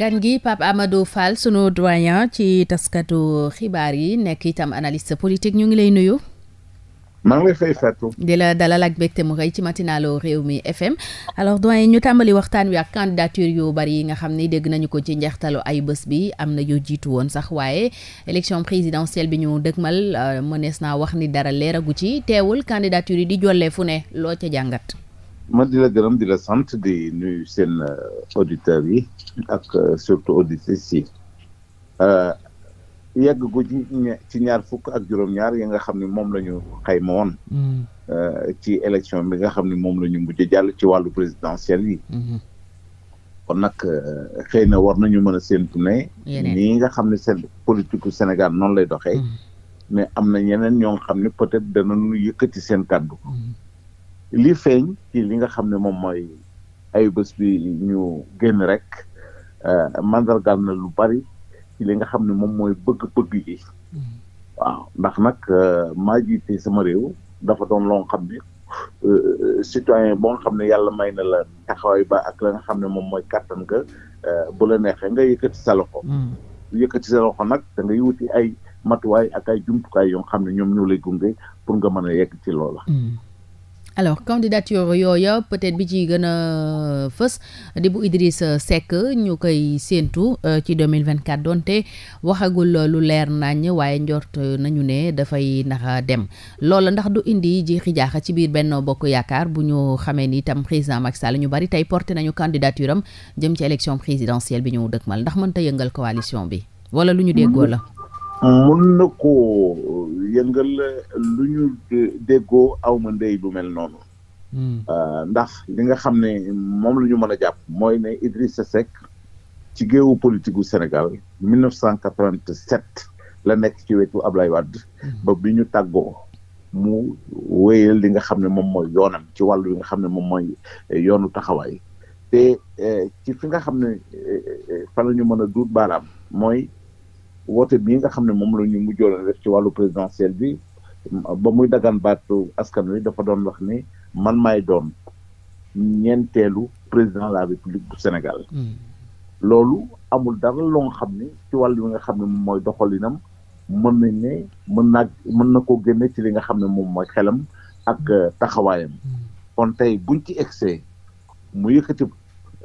gan gi Pape Amadou Fall sunu doyen ci taskatu xibaar yi nekk itam analyste politique ñu ngi lay nuyu. maa di la dalal ak mbégte mu ci matinalu réew mi FM alors doyen ñu tàmbali waxtaan wi ak candidature yu bari yi nga xam ni dégg nañu ko ci njeextalu ay bés bi am na yu jiitu woon sax waaye élection présidentielle bi ñu dëgmal euh, mënees naa wax ni dara leeragu ci teewul candidature yi di jollee fu ne loo ca jàngat. ma di la gërëm di la sant di nuyu seen euh, auditeurs yi ak euh, surtout auditrices yi euh, yegg gu ci ñaar fukk ak juróom-ñaar yi nga xam ne moom lañu ñu xayma woon mm. ci élection bi nga xam ne moom la ñu mujj jàll ci wàllu présidentiel yi mm-hmm. kon nag xëy na war nañu mën a séentu ne nii nga xam ne seen politique u Sénégal noonu lay doxee mm-hmm. mais am na ñeneen ñoo xam ne peut-être danañu yëkkati seen kàddu mm-hmm. li feeñ ci li nga xam ne moom mooy ay bés bi ñu génn rek euh, mandargaal na lu bari ci li nga xam ne moom mooy bëgg-bëgg yi waaw ndax nag euh, maa jiite sama réew dafa doon loo xam ne euh, citoyen boo nga xam ne yàlla may na la taxawaay ba ak la nga xam ne moom mooy kàttan nga bu la neexee nga yëkkati sa loxo mm. yëkkati sa loxo nag da ngay wuti ay matuwaay ak ay jumtukaay yoo xam ne ñoom ñoo lay gunge pour nga mën a yegg ci loola mm. alors candidature yooya peut-être bi ci gën a fës di bu Idrissa Seck ñu koy séentu euh, ci 2024 donte waxagul lu leer nañ waaye njort nañu ne dafay ndax dem loola ndax du indi jiixi jaaxa ci biir benn Bokk Yaakaar bu ñu xamee ni itam président Macky Sall ñu bari tey porté nañu candidature am jëm ci élection présidentielle bi ñu dëkkmal ndax mënta yëngal coalition bi wala lu ñu déggoo la mun na ko yëngal lu ñu déggoo aw ma ndey lu mel noonu. Hmm. Ah, ndax li nga xam ne moom lu ñu mën a jàpp mooy ne Idrissa Seck ci géewu politique gu Sénégal 1987 la nekk ci wetu Ablaye Wade. Hmm. ba bi ñu tàggoo mu wéyal li nga xam ne moom mooy yoonam ci wàll li nga xam ne moom mooy eh, yoonu taxawaay te eh, ci fi nga xam ne eh, fa la ñu mën a duut baaraam mooy. woote bii nga xam ne moom la ñu mujjoon def ci wàllu présidentiel bi ba muy dagaan baatu askan wi dafa doon wax ni man maay doon ñeenteelu président la république bu Sénégal. Hmm. loolu amul dara loo xam ne ci wàll yi nga xam ne moom mooy doxalinam mën nañ ne mën naa mën na koo génne ci li nga xam ne moom mooy xelam ak hmm. taxawaayam. Hmm. kon tey buñ ci egsee mu yëkkati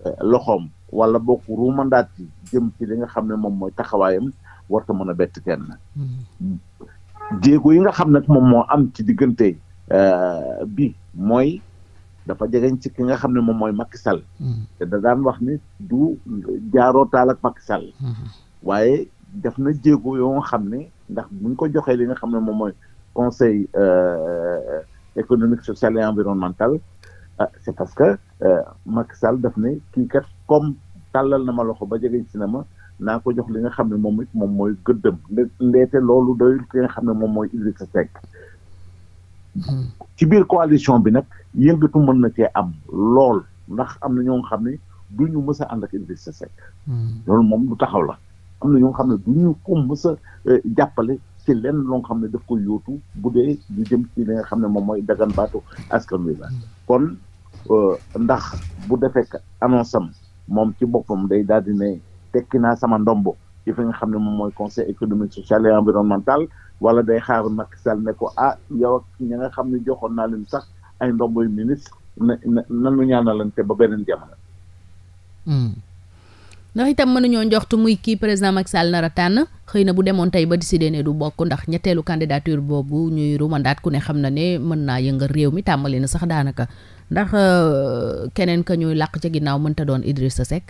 eh, loxoom wala bokk ruumandaat yi jëm ci li nga xam ne moom mooy taxawaayam. war warta mën a bett kenn hmm. jéego yi nga xam nag moom moo am ci diggante euh, bi mooy dafa jegeñ ci ki nga xam ne moom mooy Macky Sall hmm. te da daan wax ni du jaaroo taal ak Macky hmm. waaye def na jéego yoo nga xam ne ndax buñ ko joxee li nga xam ne moom mooy conseil euh, économique social et environnemental ah c'est parce que euh, Macky Sall daf ne kii comme tàllal na ma loxo ba jegeñ si na ma naa ko jox li nga xam ne moom it moom mooy gëddëm ndeete loolu doyul ki nga xam ne moom mooy Idrissa Seck hmm. ci biir coalition bi nag yëngatu mën na cee am lool ndax am na ñoo xam ne du ñu mës a ànd ak Idrissa hmm. loolu moom lu taxaw la am na ñoo xam ne du ñu ko mës a euh, jàppale ci lenn loo xam ne daf ko yóotu bu dee ñu jëm ci li nga xam ne moom mooy dagan baatu askan wi la hmm. kon euh, ndax bu defee annonce am moom ci boppam day daal di ne tekki naa sama ndombo ci fi nga xam ne moom mooy conseil économique social et environnemental wala day xaar Macky Sall ne ko ah yow ak ñi nga xam ne joxoon naa leen sax ay ndombo yu ministre na na nanu ñaanalante ba beneen jamono. Hmm. ndax itam mënuñoo njoxtu muy kii président Macky Sall nar a tànn xëy na bu demoon tey ba décidé ne du bokk ndax ñetteelu candidature boobu ñuy rumandaat ku ne xam na ne mën naa yëngal réew mi tàmbali na sax daanaka ndax euh, keneen ka ñuy làq ca ginnaaw mënta doon Idrissa Seck.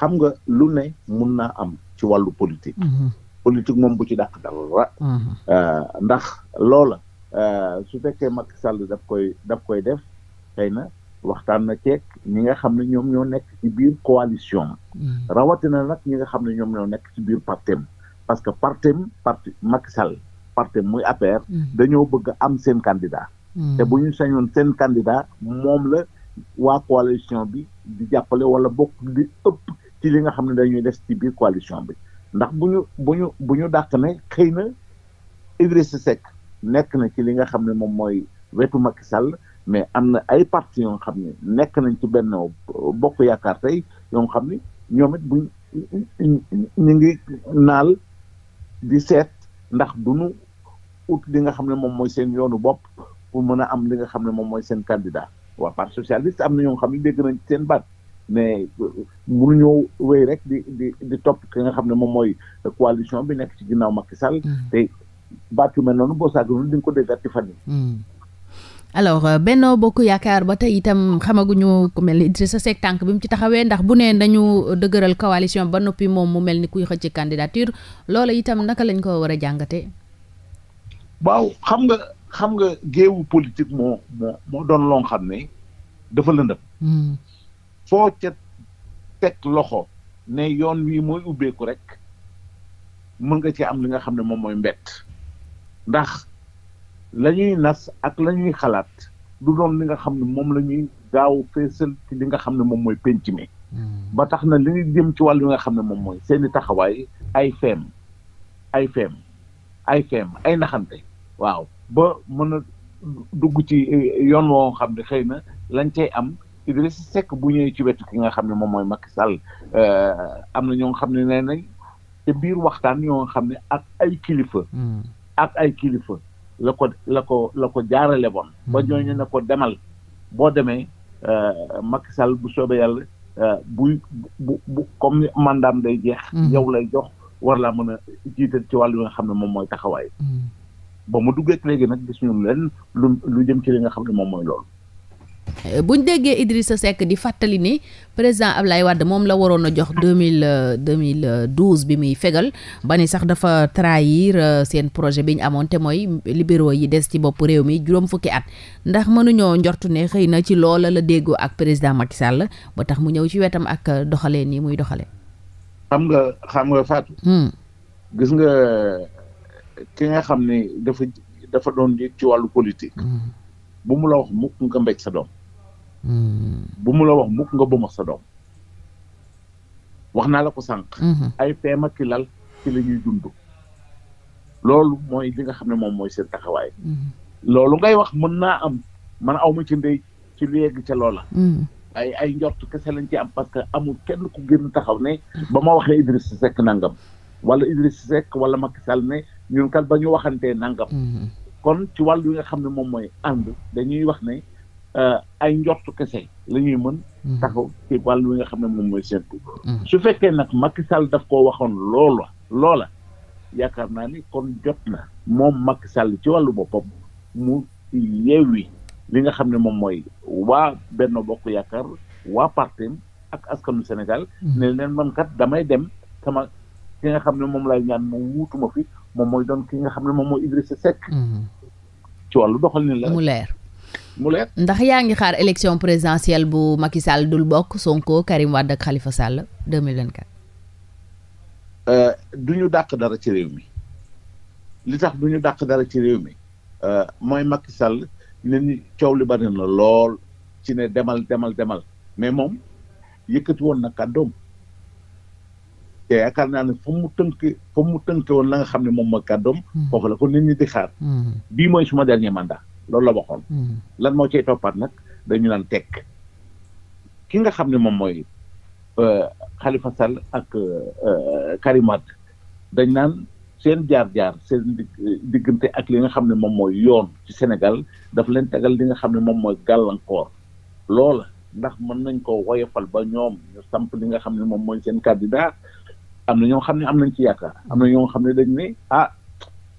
xam nga lu ne mun naa am ci wàllu politique. Mhm. politique moom bu ci dàq dara. Mhm. Euh, ndax loola euh, su fekkee Macky Sall daf koy daf koy def xëy na waxtaan na ceeg ñi nga xam ne ñoom ñoo nekk ci biir coalition mhm. rawatina nag ñi nga xam ne ñoom ñoo nekk ci biir partem parce que partem parti Macky Sall partem muy APR. dañoo bëgg am seen candidat. te bu ñu sañoon seen candidat moom la waa coalition bi di jàppale wala bokk di ëpp. ci li nga xam ne dañuy def ci biir coalition bi ndax bu ñu bu ñu bu ñu dàq ne xëy na Idrissa Seck nekk na ci li nga xam ne moom mooy wetu makki Sall mais am na ay parti yoo xam ne nekk nañ ci benn bokk yaakaar tey yoo xam ne ñoom it bu ñu ngi naal di seet ndax du ñu ut li nga xam ne moom mooy seen yoonu bopp pour mën a am li nga xam ne moom mooy seen candidat waa parti socialiste am na ñoo xam ne dégg nañ seen baat mais euh, mënuñoo wéy rek di di di topp ki nga xam ne moom mooy coalition bi nekk ci ginnaaw Macky Sall. Hmm. te baat yu mel noonu boo saagoonul di nga ko déggaat ci fan yi. Hmm. alors euh, Benno Bokk Yaakaar ba tey itam xamaguñu ku mel ni sa Seck tànk bi mu ci taxawee ndax bu ne dañu dëgëral coalition ba noppi moom mu mel ni kuy xëcc candidature loola itam naka lañ ko war a jàngatee. waaw xam nga xam nga géewu politique moo moo moo doon loo xam ne dafa lëndëm. Hmm. foo ca teg loxo ne yoon wii mooy ubbeeku rek mën nga ci am li nga xam ne moom mooy mbett ndax la ñuy nas ak la ñuy xalaat du doon li nga xam ne moom lañuy ñuy gaaw feesal ci li nga xam ne moom mooy penc mi hmm. ba tax na li ñuy jëm ci wàll yi nga xam ne moom mooy seeni taxawaay ay feem ay feem ay feem ay naxante waaw ba mën a dugg ci eh, yoon woo xam ne xëy na lañ cay am Idrissa sekk bu ñëwee ci wetu ki nga xam ne moom mooy Macky Sall euh, am na ñoo xam ne nee nañ te biir waxtaan ñoo xam ne ak ay kilifa. Hmm. ak ay kilifa la ko la ko la ko jaarale bon. ba hmm. ñooñu ne ko demal boo demee euh, Macky Sall bu soobee yàlla euh, buy bu bu comme mandaam day jeex. Hmm. yow lay jox war laa mën a jiital ci wàll yi nga xam ne moom mooy taxawaay. ba mu duggee léegi nag gis ñun leen lu jëm ci li nga xam ne moom mooy loolu. Euh, buñ déggee sa Seck di fàttali ni président Ablaye Wade moom la waroon a jox deux mille euh, deux mille euh, douze bi muy fegal ba ni sax dafa trahir seen projet bi ñu amoon te mooy libéraux yi des ci bopp réew mi juróom fukki at ndax mënuñoo njortu ne xëy na ci loola la déggoo ak président Macky Sall ba tax mu ñëw ci wetam ak doxalee nii muy doxale xam nga xam nga Fatou. Hmm. gis nga ki nga xam ne dafa dafa doon ci wàllu politique. Hmm. bu mu la wax mukk nga mbéj sa doom. Hmm. bu mu la wax mukk nga bëmax sa doom wax naa la ko sànq hmm. ay feem ak lal ci la dund loolu mooy li nga xam ne moom mooy seen taxawaay hmm. loolu ngay wax mën naa am man aw ma ci ndey ci lu yegg ca loola ay njort kese lañ ci am parce que amul kenn ku gën taxaw ne ba ma waxee Idriss Seck nangam wala Idriss sekk wala Macky Sall ne ñun kat ba ñu waxantee nangam kon ci wàll wi nga xam ne moom mooy ànd dañuy wax ne Euh, ay njortu kese la ñuy mën. Mhm. taxaw ci wàll wi nga xam ne moom mooy séntu. Mhm. su fekkee nag Macky sàll daf koo waxoon loola loola yaakaar naa ni kon jot na moom Macky Sall ci wàllu boppam mu wi li nga xam ne moom mooy waa benn Bokk Yaakaar waa partem ak askanu Sénégal. Mhm. ne leen man kat damay dem sama ki nga xam ne moom lay ñaan mu wuutuma fi moom mooy doon ki nga xam ne moom mooy Idrissa Seck. ci wàllu doxalin la mu leer. mu leer. ndax yaa ngi xaar élection présidentielle bu makki Sall dul bokk sonkoo Karim Wade ak Khalifa Sall 2024. Euh, du ñu dàq dara ci réew mi li tax du ñu dàq dara ci réew mi euh, mooy makki Sall ne ñu coow li bari lool ci ne demal demal demal mais moom yëkkati woon na kàddoom te yaakaar naa ne fa mu tënk fa mu tënk woon la nga xam ne moom mooy kàddoom. Hmm. foofu la ko nit ñi di xaar. Hmm. bii mooy suma dernier mandat. loolu la waxoon. Hmm. lan moo cay toppaat nag dañu naan teg ki nga xam ne moom mooy xalifa euh, Sall ak euh, Karim dañ naan seen jaar-jaar seen diggante ak li nga xam ne moom mooy yoon ci Sénégal daf leen tegal li nga xam ne moom mooy gàllankoor loola ndax mën nañ ko woyofal ba ñoom ñu samp li nga xam ne moom mooy seen candidat am na ñoo xam ne am nañ ci yaakaar am na ñoo xam ne dañ ne ah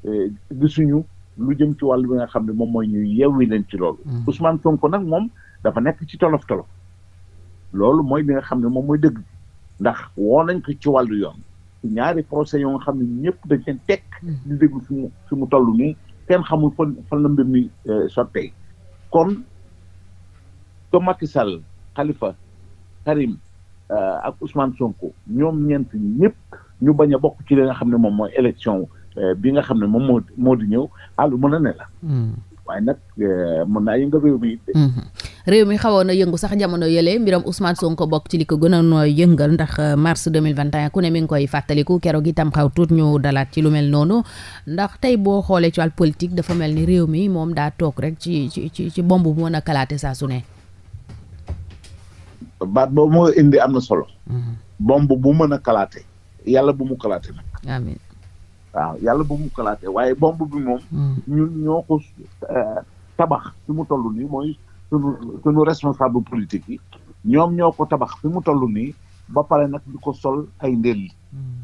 euh, gisuñu lu jëm ci wàllu bi nga xam ne moom mooy ñu yewwi leen ci loolu. Mm. Ousmane Sonko nag moom dafa nekk ci tolof tolof. loolu mooy li nga xam ne moom mooy dëgg ndax woo nañ ko ci wàllu yoon ñaari procès yoo nga xam ne ñëpp dañ leen teg. Mm. di déglu fi mu fi toll nii kenn xamul fan fan la mbir mi euh, sottee kon que Macky Sall Khalifa Karim euh, ak Ousmane Sonko ñoom ñeent ñëpp ñu bañ a bokk ci li nga xam ne moom mooy élection. Euh, bi nga xam ne moom moo moo di ñëw àllu mën a ne la. Hmm. waaye nag euh, mën naa yëngal réew mi. Hmm. réew mi xawoon na yëngu sax jamono yële mbiram Ousmane Sonko bokk ci li ko gën a yëngal ndax euh, mars 2021 ku ne mi ngi koy fàttaliku keroog itam xaw tuut ñu dalaat ci lu mel noonu ndax tey boo xoolee ci wàll politique dafa mel ni réew mi moom daa toog rek ci ci ci ci bomb bu mën a kalaate saa su ne. baat boobu moo indi am na solo. Hmm. bomb bu mën a kalaate yàlla bu waaw yàlla bu mu kalaate waaye bomb bi moom. Hmm. ñu ñoo ko eh, tabax fi mu toll nii mooy sunu sunu responsable politique yi ñoom ñoo ko tabax fi mu toll nii ba pare nag di ko sol ay ndel. Hmm.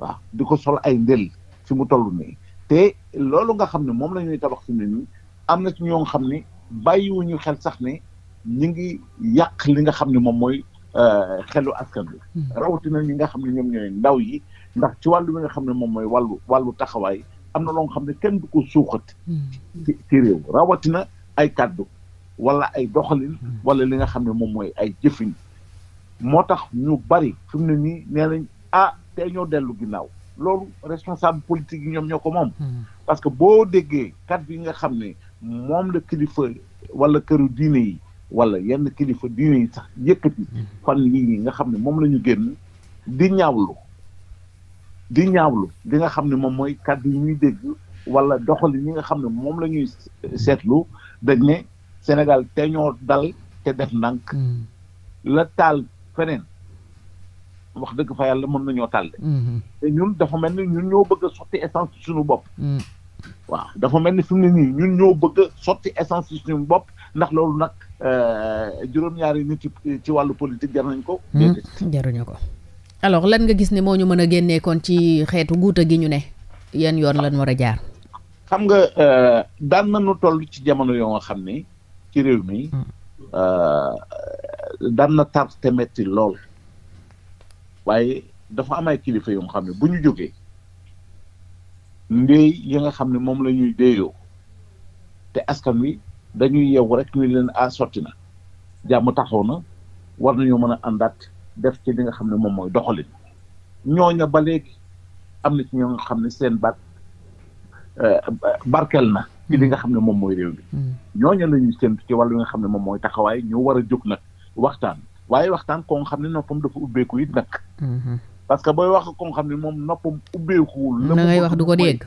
waaw di ko sol ay ndel ci mu toll nii te loolu nga xam ne moom lañuy ñuy tabax fi mu ne nii am na ci ñoo xam ne bàyyiwuñu xel sax ne ñu ngi yàq li nga xam ne moom mooy Euh, xelu askan bi hmm. rawatina ñi nga xam ne ñoom ñooy ndaw yi ndax ci wàllu bi nga xam ne moom mooy wàllu wàllu taxawaay am na loo xam ne kenn du ko suuxat hmm. ci réew rawatina ay kàddu wala ay doxalin hmm. wala li nga xam ne moom mooy ay jëfin moo tax ñu bari fi mu ne nii nee nañ ah tey ñoo dellu ginnaaw loolu responsable politique yi ñoom ñoo ko moom parce que boo déggee kàddu yi nga xam ne moom la kilifa wala këru diine yi wala yenn kilifa diine yi sax yëkkati mm-hmm. fan yii nga xam ne moom lañu ñu génn di ñaawlu di ñaawlu di nga xam ne moom mooy kàddu yi dégg wala doxali ñi nga xam ne moom la ñuy seetlu dañ ne Sénégal te ñoo dal te def ndànk mm-hmm. la taal feneen wax dëgg fa yàlla mën nañoo taal mm-hmm. te ñun dafa mel ni ñun ñoo bëgg sotti essence suñu bopp waaw dafa mel ni fi mu ne nii ñun ñoo bëgg sotti essence suñu bopp ndax loolu nag euh, juróom-ñaari nit ci wàllu politique jar nañ ko. Hmm, jaruñu ko alors lan nga gis ni moo ñu mën a génnee kon ci xeetu guuta gi ñu ne yan yoon lan war a jaar. xam nga euh, daan nañu toll ci jamono yoo nga xam ni ci réew mi. Hmm. Euh, daan na tar te metti lool waaye dafa am ay kilifa yoo nga xam ne bu ñu jógee ndéy yi nga xam ne moom la ñuy déeyoo te askan wi. dañuy yew rek ñu leen a ah, sotti na jàmm taxaw na war nañoo mën a àndaat def ci li nga xam ne moom mooy doxalin ñooña ba léegi am na ci ñoo nga xam ne seen baat euh, barkel na ci li nga xam ne moom mooy réew mi hmm. ñooña la ñuy séntu ci wàllu nga xam ne moom mooy taxawaay ñu war a jóg nag waxtaan waaye waxtaan ko nga xam ne noppam dafa ubbeeku it nag hmm, hmm. parce que booy wax ko nga xam ne moom noppam ubbeekuwul la ngay wax du ko dégg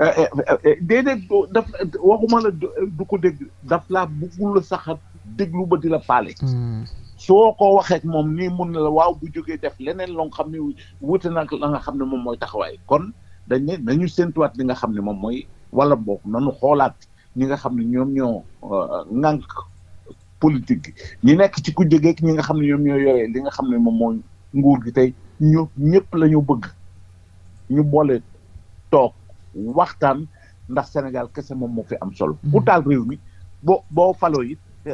Eh, eh, eh, déedéet daf waxuma la du ko dégg daf laa bëggul sax déglu ba di la faale. Hmm. soo ko waxee moom nii mun na la waaw bu jógee def leneen loo xam ne wute nag la nga xam ne moom mooy taxawaay kon dañ ne nañu séntuwaat nga xam ne moom mooy wala boog nañu xoolaat ñi nga xam ne ñoom ñoo euh, ŋànk politique ñi nekk ci ku jógeek ñi nga xam ne ñoom ñoo yoree li nga xam ne moom mooy nguur gi tey ñu ñëpp la bëgg ñu boole toog. waxtaan ndax Sénégal kese moom moo fi am solo. Mm-hmm. ku taal réew mi boo boo faloo it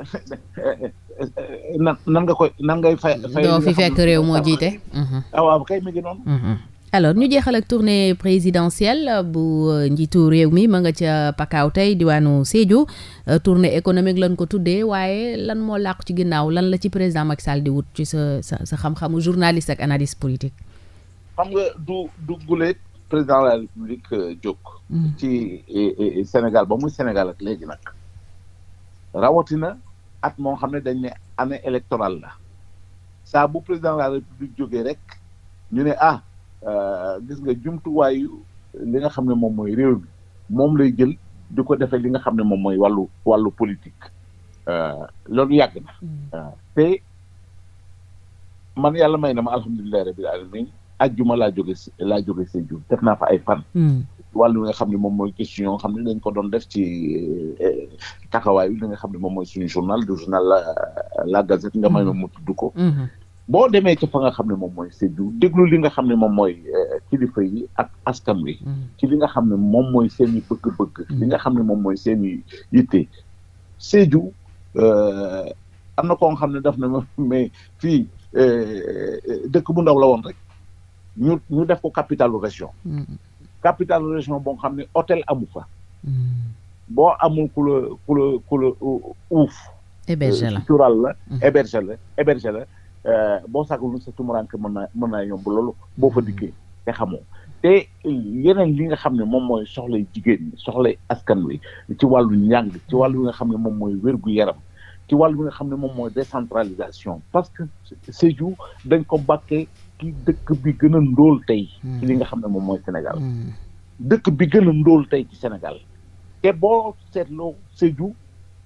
nan nga koy nan ngay fay. fay doo fi fekk réew moo jiite. Mm-hmm. Ah, waaw mm-hmm. ñu jeexal ak tournée présidentielle bu euh, njiitu réew mi ma nga ca Pakao tey diwaanu Sédhiou euh, tournée économique lañ ko tuddee waaye lan moo làqu ci ginnaaw lan la ci président Macky Sall di wut ci sa sa sa xam-xamu journaliste ak analyste politique. xam nga du du président de la république jóg. ci Sénégal ba muy Sénégal ak léegi nag rawatina at moo xam ne dañ ne année électorale la saa bu président de la république jógee rek ñu ne ah uh, gis nga jumtuwaayu li nga xam ne moom mooy réew mi moom lay jël di ko defee li nga xam ne moom mooy wàllu wàllu politique uh, loolu yàgg na. Mm. Uh, te man yàlla may na ma alhamdulilah rabbil alamin ajjuma laa jóge laa jóge Sédhiou def naa fa ay fan. Hmm. wàllu nga xam ne moom mooy question yoo xam ne dañ ko doon def ci eh, taxawaay li nga xam ne moom mooy suñu journal du journal la la Gazette ma hmm. tudd ko. Hmm. boo demee ca fa nga xam ne moom mooy Sédhiou déglu li nga xam ne moom mooy eh, kilifa yi ak askan wi. ci li nga xam ne moom mooy seen i bëgg-bëgg. li nga xam ne moom mooy seen i yitte Sédhiou eh, am na koo xam ne daf na ma mais fii dëkk bu ndaw la woon rek. ñu ñu def ko capital région. Mm-hmm. capital région boo xam ne hôtel amu fa. Mm-hmm. boo amul ku la ku la ku la uh, uuf. héberger euh, la tural mm-hmm. la héberger euh, boo sàggul sa tumurank mën naa mën naa yomb loolu boo fa dikkee te xamoo te yeneen li nga xam ne moom mooy soxlay jigéen ñi soxlay askan wi ci wàllu njàng ci wàllu wi nga xam ne moom mooy wér-gu-yaram ci wàllu bi nga xam ne moom mooy décentralisation parce que Sédhiou dañ ko bàkkee ci dëkk bi gën a ndóol tey. ci li hmm. nga xam ne moom mooy Sénégal. Hmm. dëkk bi gën a ndóol tey ci Sénégal. te boo seetloo Sédhiou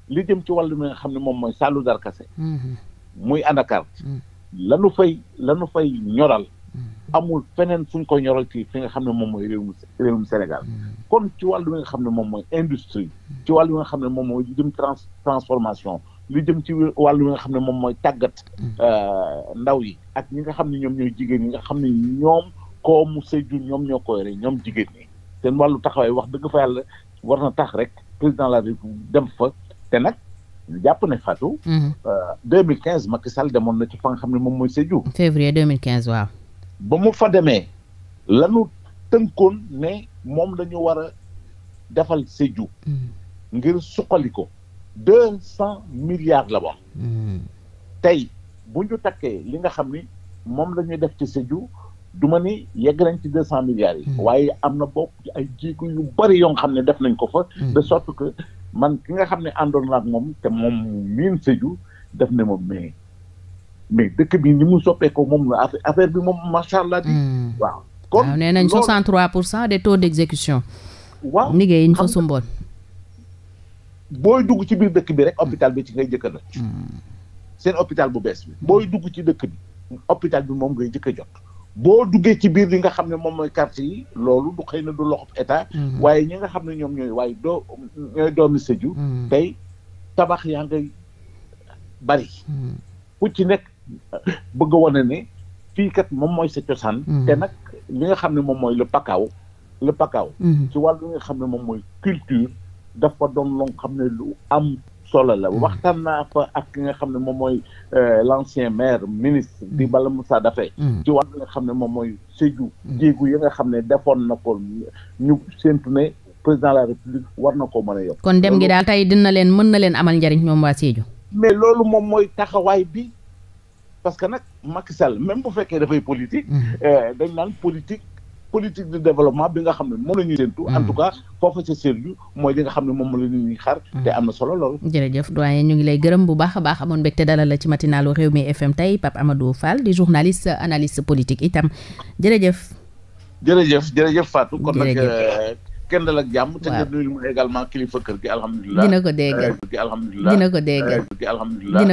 li jëm ci wàll mi nga xam ne moom mooy Saalum Darkase. Hmm. muy Andakar. lanu fay lanu fay ñoral. amul feneen fuñ ko ñoral ci fi nga xam ne moom mooy réewum réewum Sénégal kon ci wàll wi nga xam ne moom mooy industrie ci wàll wi nga xam ne moom mooy jëm trans transformation lu jëm ci wàllu nga xam ne moom mooy tàggat mm. euh, ndaw yi ak ñi nga xam ne ñoom ñooy jigéen ñi nga xam ne ñoom koomu Sédhiou ñoom ñoo koy rek ñoom jigéen ñi seen wàllu taxawaay wax dëgg fa yàlla war na tax rek président la République dem fa te nag ñu jàpp ne Fatou. 2015 mm-hmm. euh, Macky Sall demoon na ci fa nga xam ne moom mooy Sédhiou. février 2015 waaw. ba mu fa demee lanu tënkoon ne moom lañu war a defal Sédhiou. Mm-hmm. ngir suqali deux cent milliards la wax. Hmm. tey bu ñu takkee li nga xam ni moom la ñuy def ci Sédhiou du ma ni yegg nañ ci deux cent milliards yi. Hmm. waaye am na bokk ci ay jéego yu bari yoo xam ne def nañ ko fa. Hmm. de sorte que man ki nga xam ne àndoon naa ak moom te moom miin Sédhiou def ne moom mais mais dëkk bi ni mu soppeekoo moom la affaire bi moom macha allah. waaw kon nee nañ 63 pour cent des taux d' exécution. waaw liggéey yi ñu fa sumboon. booy dugg ci biir dëkk bi rek hmm. hôpital bi ci ngay jëkka a hmm. seen hôpital bu bees bi booy dugg ci dëkk bi hôpital bi moom ngay jëkk a jot boo duggee ci biir li nga xam ne moom mooy kart yi loolu du xëy na du loxo état hmm. waaye ñi nga xam ne ñoom ñooy waaye doo ñooy doomi Sédhiou tey tabax yaa ngay bari ku ci nekk bëgg a wane ne fii kat moom mooy sa cosaan te nag li nga xam ne moom mooy le pakaaw le pakaaw ci wàllu li nga xam ne moom mooy culture dafa doon loo xam ne lu am solo la mm-hmm. waxtaan naa fa ak ki nga xam ne moom mooy euh, l'ancien maire ministre di mm-hmm. Bala Moussa Daffé mm-hmm. ci wàllu nga xam ne moom mooy Sédhiou jéegu yi nga xam ne defoon na ko ñu séntu ne président de la république war na ko mën a yokk kon dem gi daal tey dina leen mën na leen amal njariñ ñoom waa Sédhiou mais loolu moom mooy taxawaay bi parce que nag Macky Sall même bu fekkee dafay politique euh, dañ naan politique politique de développement bi nga xam ne moom la ñuy séntu. en hmm. tout cas foofu sa séntu mooy li nga xam ne moom la ñuy xaar. Hmm. te am na solo jërëjëf doyen ñu ngi lay gërëm bu baax a baax amoon te dalal la ci matinalu réew mi FM tey Pape Amadou Fall di journaliste analyste politique itam jërëjëf. jërëjëf jërëjëf Fatou kon nag. Euh, kenn dal ak jàmm te nga nuyul ma également kilifa kër gi alhamdulilah dina ko dégg euh, dina ko dégg euh, dina